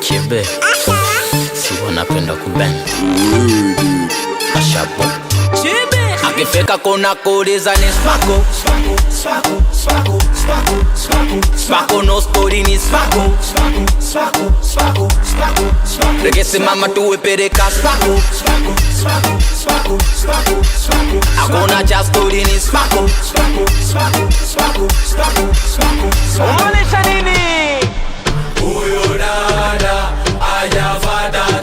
Kibe si wanapenda kubend ashabo akifika kuna kuuliza ni spako spako spako spako spako spako no spori ni spako spako spako spako spako spako nikisimama tuwepeleka spako spako spako spako spako spako hakuna cha stori ni spako spako spako spako spako spako spako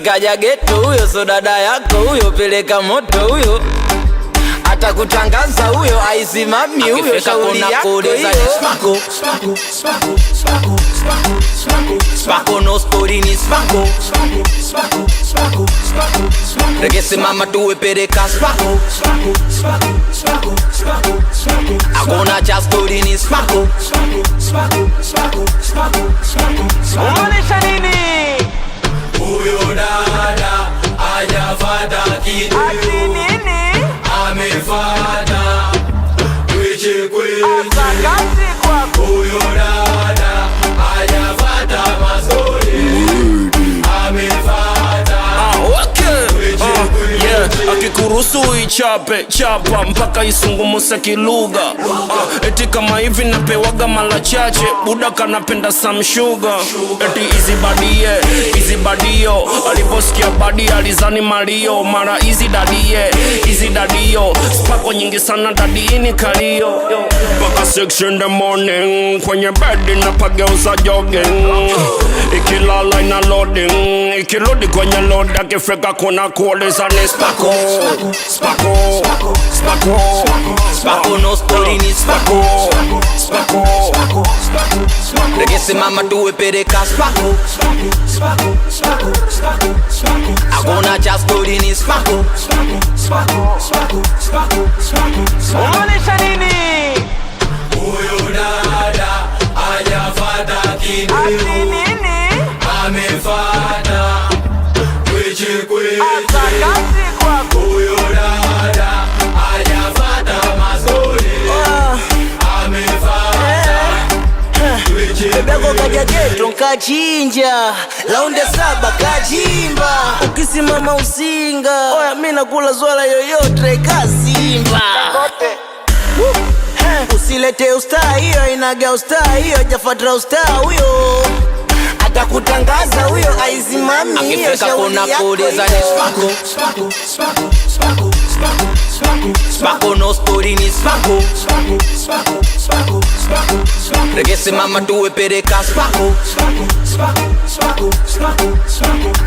Sikaja geto huyo, so dada yako huyo, peleka moto huyo, atakutangaza huyo, aisimami huyo, shauri yako hiyo. Spako no story ni spako, Regese mama tuwe peleka spako, akona cha story ni spako. Umanisha nini? Chikwi huyo ah, ah, ichape chapa mpaka isungumuse kiluga uh, ah, eti kama hivi napewaga mala chache buda kanapenda samshuga eti izibadie izibadie aliposikia badi alizani malio, mara hizi dadie hizi dadio, spako nyingi sana dadiini kalio mpaka 6 in the morning kwenye bedi na pageuza jogging, ikilala ina loading, ikirudi kwenye load akifika kuna kuulizani spako spako spako spako no story ni spako spako legesimama tuwe pereka spako spako spako spako spako Hakuna cha studi ni sparko. Umanisha Huyu dada kidiu, amefata kwichi kwichi kachinja, launde saba kachimba, ukisimama usinga. Oya, mimi nakula zwala yoyote kasimba Usilete usta hiyo, inaga usta hiyo, jafatra usta huyo, atakutangaza huyo, aizimami hiyo, yako hiyo. Regesimama tuwe pereka spako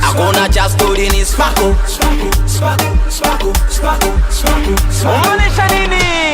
akona cha stori ni spako Umanisha nini?